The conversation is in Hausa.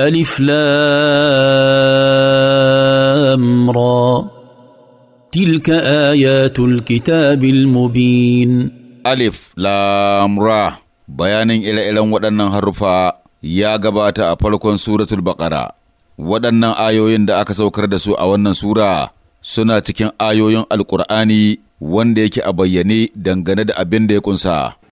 ألف لام را تلك آيات الكتاب المبين ألف لام را بيان إلى إلى ya gabata يا جبات أفلكون سورة البقرة waɗannan ayoyin da aka saukar da su a wannan sura suna cikin ayoyin alkur'ani wanda yake a bayyane dangane da abin da ya kunsa.